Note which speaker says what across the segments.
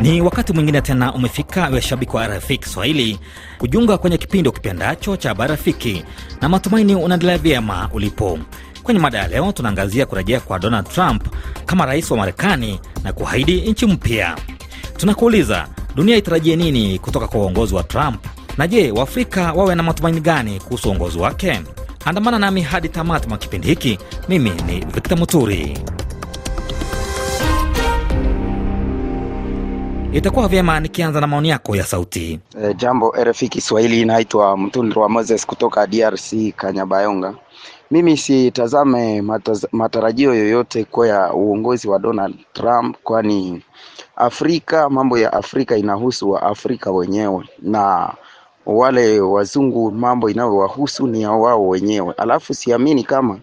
Speaker 1: Ni wakati mwingine tena umefika, wa shabiki wa RFI Kiswahili, kujunga kwenye kipindi ukipendacho cha Habari Rafiki, na matumaini unaendelea vyema ulipo. Kwenye mada ya leo, tunaangazia kurejea kwa Donald Trump kama rais wa Marekani na kuahidi nchi mpya. Tunakuuliza, dunia itarajie nini kutoka kwa uongozi wa Trump, na je, Waafrika wawe na matumaini gani kuhusu uongozi wake? Andamana nami hadi tamati mwa kipindi hiki. Mimi ni Victor Muturi. Itakuwa vyema nikianza na maoni yako ya sauti.
Speaker 2: E, jambo RFI Kiswahili, inaitwa Mtundro wa Moses kutoka DRC Kanyabayonga. Mimi sitazame matarajio yoyote kwa ya uongozi wa Donald Trump, kwani Afrika, mambo ya Afrika inahusu wa Afrika wenyewe na wale wazungu mambo inayowahusu ni ya wao wenyewe. Alafu siamini kama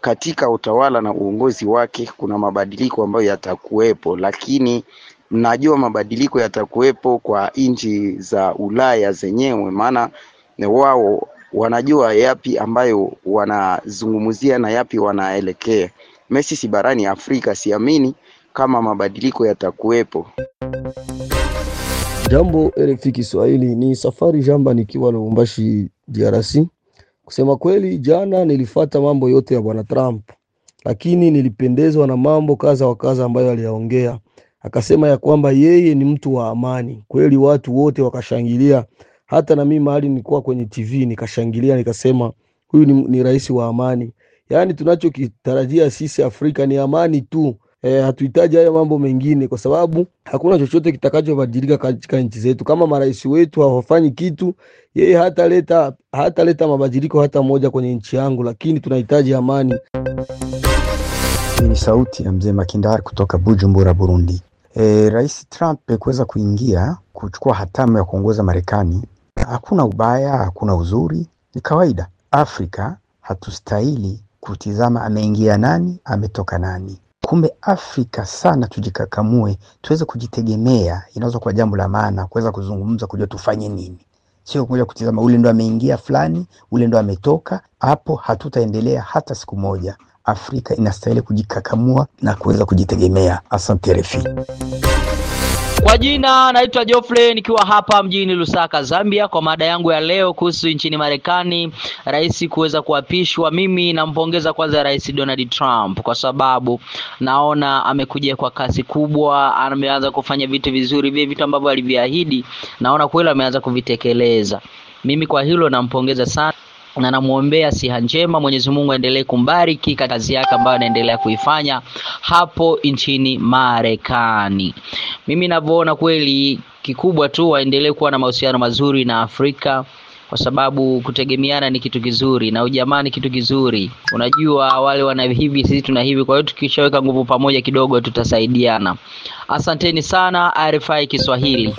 Speaker 2: katika utawala na uongozi wake kuna mabadiliko ambayo yatakuwepo, lakini mnajua mabadiliko yatakuwepo kwa nchi za Ulaya zenyewe, maana wao wanajua yapi ambayo wanazungumzia na yapi wanaelekea. Messi si barani Afrika, siamini kama mabadiliko yatakuwepo.
Speaker 3: Jambo RFI Kiswahili, ni Safari Jamba nikiwa Lubumbashi, DRC. Kusema kweli, jana nilifata mambo yote ya bwana Trump, lakini nilipendezwa na mambo kaza wa kaza ambayo aliyaongea akasema ya kwamba yeye ni mtu wa amani kweli. Watu wote wakashangilia, hata na mimi mahali nilikuwa kwenye TV nikashangilia, nikasema huyu ni, ni rais wa amani. Yaani tunachokitarajia sisi Afrika ni amani tu. E, hatuhitaji hayo mambo mengine, kwa sababu hakuna chochote kitakachobadilika katika nchi zetu. Kama marais wetu hawafanyi kitu, yeye hataleta hataleta mabadiliko hata moja kwenye nchi yangu, lakini tunahitaji amani. Hii ni sauti ya mzee Makindari kutoka Bujumbura, Burundi e, Rais Trump kuweza kuingia kuchukua hatamu ya kuongoza Marekani, hakuna ubaya, hakuna uzuri, ni kawaida. Afrika hatustahili kutizama ameingia nani, ametoka nani. Kumbe Afrika sana, tujikakamue, tuweze kujitegemea. Inaweza kuwa jambo la maana kuweza kuzungumza, kujua tufanye nini, sio kuja kutizama ule ndo ameingia fulani, ule ndo ametoka. Hapo hatutaendelea hata siku moja. Afrika inastahili kujikakamua na kuweza
Speaker 1: kujitegemea. Asante RFI.
Speaker 3: Kwa jina naitwa Geoffrey nikiwa hapa mjini Lusaka, Zambia, kwa mada yangu ya leo kuhusu nchini Marekani rais kuweza kuapishwa. Mimi nampongeza kwanza Rais Donald Trump kwa sababu naona amekuja kwa kasi kubwa, ameanza kufanya vitu vizuri, vile vitu ambavyo aliviahidi, naona kweli ameanza kuvitekeleza. Mimi kwa hilo nampongeza sana na namuombea siha njema. Mwenyezi Mungu aendelee kumbariki katika kazi yake ambayo anaendelea kuifanya hapo nchini Marekani. Mimi navyoona kweli, kikubwa tu waendelee kuwa na mahusiano mazuri na Afrika kwa sababu kutegemeana ni kitu kizuri na ujamaa ni kitu kizuri. Unajua wale wana hivi, sisi tuna hivi, kwa hiyo tukishaweka nguvu pamoja kidogo tutasaidiana. Asanteni sana RFI Kiswahili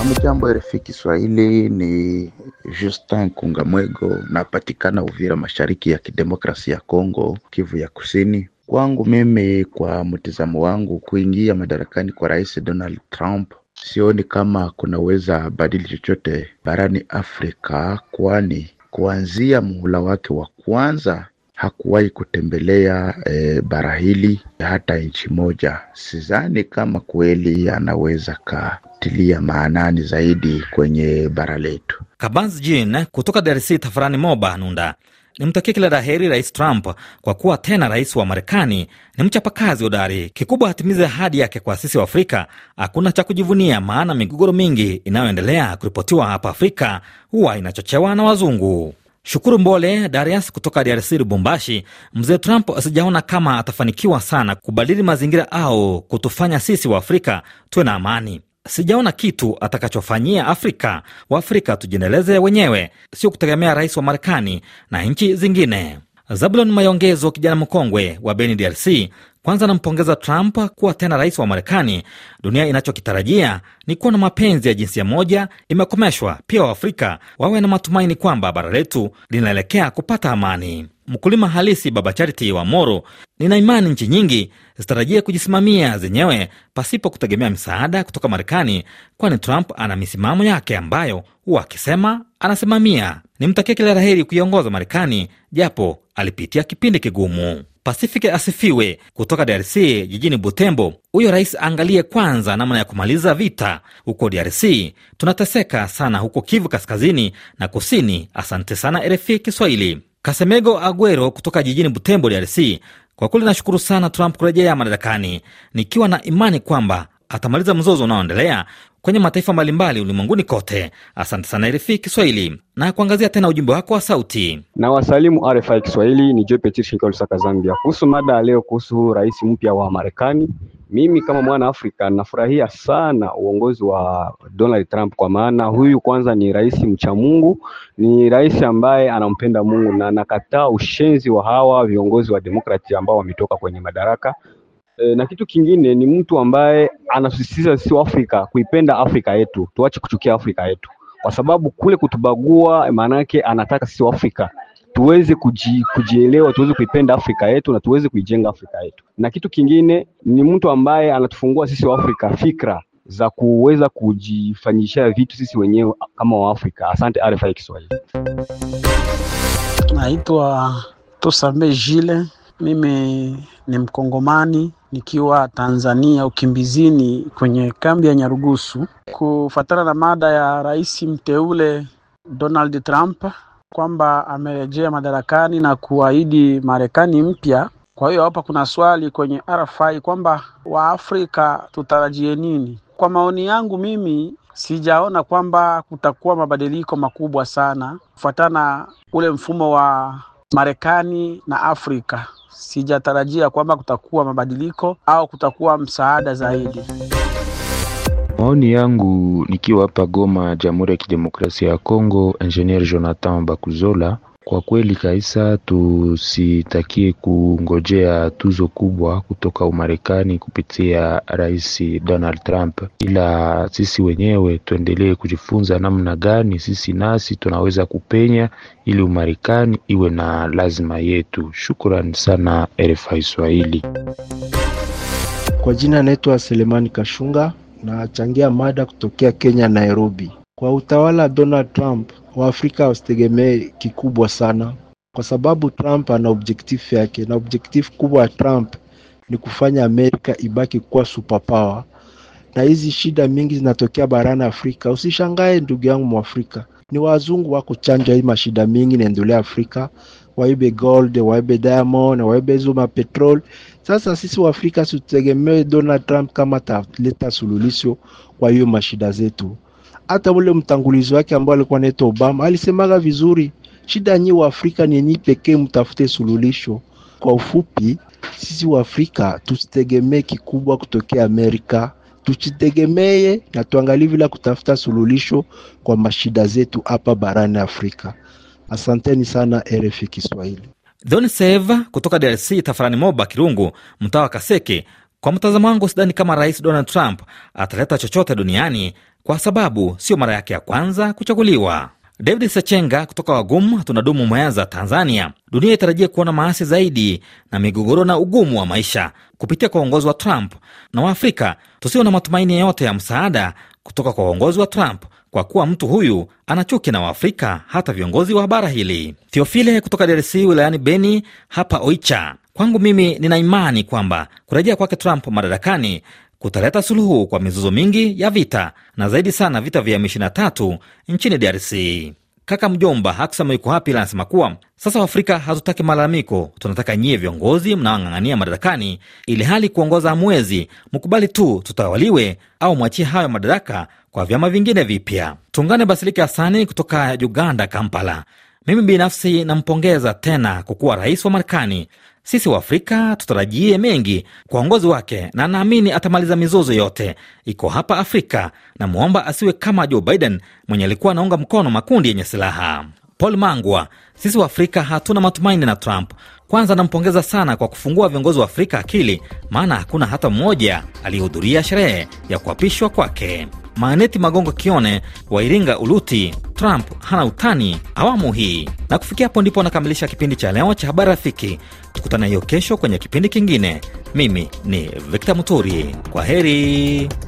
Speaker 3: amjambo RFI Kiswahili, ni Justin Kungamwego, napatikana Uvira, mashariki ya kidemokrasia ya Kongo, Kivu ya Kusini. Kwangu mimi, kwa mtizamo wangu, kuingia madarakani kwa Rais Donald Trump sioni kama kunaweza badili chochote barani Afrika, kwani kuanzia muhula wake wa kwanza hakuwahi kutembelea e, bara hili hata nchi moja. Sidhani kama kweli anaweza katilia maanani zaidi kwenye bara letu.
Speaker 1: Kabanz Jin kutoka DRC, tafarani Moba Nunda. Nimtakie kila la heri Rais Trump kwa kuwa tena rais wa Marekani. Ni mchapakazi hodari, kikubwa atimize ahadi yake kwa sisi wa Afrika. Hakuna cha kujivunia, maana migogoro mingi inayoendelea kuripotiwa hapa Afrika huwa inachochewa na wazungu. Shukuru Mbole Darius kutoka DRC, Lubumbashi. Mzee Trump asijaona kama atafanikiwa sana kubadili mazingira au kutufanya sisi Waafrika tuwe na amani. Sijaona kitu atakachofanyia Afrika. Waafrika tujiendeleze wenyewe, sio kutegemea rais wa Marekani na nchi zingine. Zabulon Mayongezo, kijana mkongwe wa Beni, DRC, kwanza anampongeza Trump kuwa tena rais wa Marekani. Dunia inachokitarajia ni kuwa na mapenzi ya jinsia moja imekomeshwa, pia Waafrika wawe na matumaini kwamba bara letu linaelekea kupata amani. Mkulima halisi Baba Charity wa Moro, nina imani nchi nyingi zitarajie kujisimamia zenyewe pasipo kutegemea misaada kutoka Marekani, kwani Trump ana misimamo yake ambayo huwa akisema anasimamia. Nimtakia kila laheri kuiongoza Marekani japo alipitia kipindi kigumu. Pacific asifiwe. Kutoka DRC jijini Butembo, huyo rais aangalie kwanza namna ya kumaliza vita huko DRC. Tunateseka sana huko Kivu kaskazini na kusini. Asante sana RFI Kiswahili. Kasemego Aguero kutoka jijini Butembo, DRC. Kwa kweli nashukuru sana Trump kurejea madarakani, nikiwa na imani kwamba atamaliza mzozo unaoendelea kwenye mataifa mbalimbali ulimwenguni kote. Asante sana RFI Kiswahili na kuangazia tena ujumbe wako wa sauti. Na
Speaker 3: wasalimu RFI Kiswahili, ni Joe Petir Shinka, Zambia, kuhusu mada ya leo kuhusu rais mpya wa Marekani. Mimi kama mwana Afrika nafurahia sana uongozi wa Donald Trump, kwa maana huyu kwanza ni rais mcha Mungu, ni rais ambaye anampenda Mungu na anakataa ushenzi wa hawa viongozi wa demokrati ambao wametoka kwenye madaraka E,
Speaker 1: na kitu kingine ni mtu ambaye anasisitiza sisi Afrika kuipenda Afrika yetu, tuache kuchukia Afrika yetu, kwa sababu kule kutubagua, maanake anataka sisi Afrika tuweze kuji, kujielewa tuweze kuipenda Afrika yetu na tuweze kuijenga Afrika yetu. Na kitu kingine ni mtu ambaye anatufungua sisi Waafrika fikra za kuweza kujifanyishia vitu sisi wenyewe kama Waafrika. Asante RFI Kiswahili.
Speaker 2: Naitwa Tusame Jile, mimi ni Mkongomani nikiwa Tanzania ukimbizini kwenye kambi ya Nyarugusu kufuatana na mada ya rais mteule Donald Trump kwamba amerejea madarakani na kuahidi Marekani mpya. Kwa hiyo hapa kuna swali kwenye RFI kwamba Waafrika tutarajie nini? Kwa maoni yangu mimi sijaona kwamba kutakuwa mabadiliko makubwa sana kufuatana ule mfumo wa Marekani na Afrika sijatarajia kwamba kutakuwa mabadiliko au kutakuwa msaada zaidi.
Speaker 3: Maoni yangu nikiwa hapa Goma, Jamhuri ya Kidemokrasia ya Kongo, Engineer Jonathan Bakuzola kwa kweli kabisa tusitakie kungojea tuzo kubwa kutoka Umarekani kupitia Rais Donald Trump, ila sisi wenyewe tuendelee kujifunza namna gani sisi nasi tunaweza kupenya ili Umarekani iwe na lazima yetu. Shukrani sana RFI Swahili. Kwa jina naitwa Selemani Kashunga, nachangia mada kutokea Kenya, Nairobi. Kwa utawala wa Donald Trump, Waafrika wasitegemee kikubwa sana, kwa sababu Trump ana objektifu yake, na objektifu kubwa ya Trump ni kufanya Amerika ibaki kuwa superpower. Na hizi shida mingi zinatokea barani Afrika, usishangae ndugu yangu Mwafrika, ni wazungu wako chanja hii mashida mingi inaendelea Afrika, waibe gold, waibe diamond, waibe zuma petrol. Sasa sisi Waafrika tutegemee Donald Trump kama ataleta suluhisho kwa hiyo mashida zetu hata ule mtangulizi wake ambaye alikuwa anaitwa Obama alisemaga vizuri, shida nyi wa Afrika ni nyinyi pekee mtafute sululisho Kwa ufupi, sisi wa Afrika tusitegemee kikubwa kutokea Amerika, tuchitegemee na tuangalie vile kutafuta sululisho kwa mashida zetu hapa barani Afrika. Asanteni sana RFI
Speaker 1: Kiswahili. Don Seva kutoka DRC, tafarani Moba Kirungu, mtaa wa Kaseke, kwa mtazamo wangu, sidhani kama Rais Donald Trump ataleta chochote duniani kwa sababu sio mara yake ya kwanza kuchaguliwa. David Sechenga kutoka Wagum tunadumu mweaza Tanzania. Dunia itarajia kuona maasi zaidi na migogoro na ugumu wa maisha kupitia kwa uongozi wa Trump, na Waafrika tusio na matumaini yeyote ya msaada kutoka kwa uongozi wa Trump kwa kuwa mtu huyu ana chuki na Waafrika hata viongozi wa bara hili. Theofile kutoka DRC wilayani Beni hapa Oicha Kwangu mimi nina imani kwamba kurejea kwake Trump madarakani kutaleta suluhu kwa mizozo mingi ya vita na zaidi sana vita vya M23 nchini DRC. Kaka mjomba hakusema yuko hapi, ila anasema kuwa sasa Waafrika hatutaki malalamiko, tunataka nyie viongozi mnaong'ang'ania madarakani ili hali kuongoza mwezi mkubali tu tutawaliwe au mwachie hayo madaraka kwa vyama vingine vipya. Tuungane Basilike Hasani kutoka Uganda, Kampala. Mimi binafsi nampongeza tena kwa kuwa rais wa Marekani sisi Waafrika tutarajie mengi kwa uongozi wake, na naamini atamaliza mizozo yote iko hapa Afrika. Namwomba asiwe kama Joe Biden mwenye alikuwa anaunga mkono makundi yenye silaha. Paul Mangwa, sisi Waafrika hatuna matumaini na Trump kwanza nampongeza sana kwa kufungua viongozi wa Afrika akili, maana hakuna hata mmoja aliyehudhuria sherehe ya kuapishwa kwake. Maneti Magongo Kione wa Iringa Uluti, Trump hana utani awamu hii. Na kufikia hapo ndipo nakamilisha kipindi cha leo cha Habari Rafiki. Tukutane hiyo kesho kwenye kipindi kingine. Mimi ni Victor Muturi, kwa heri.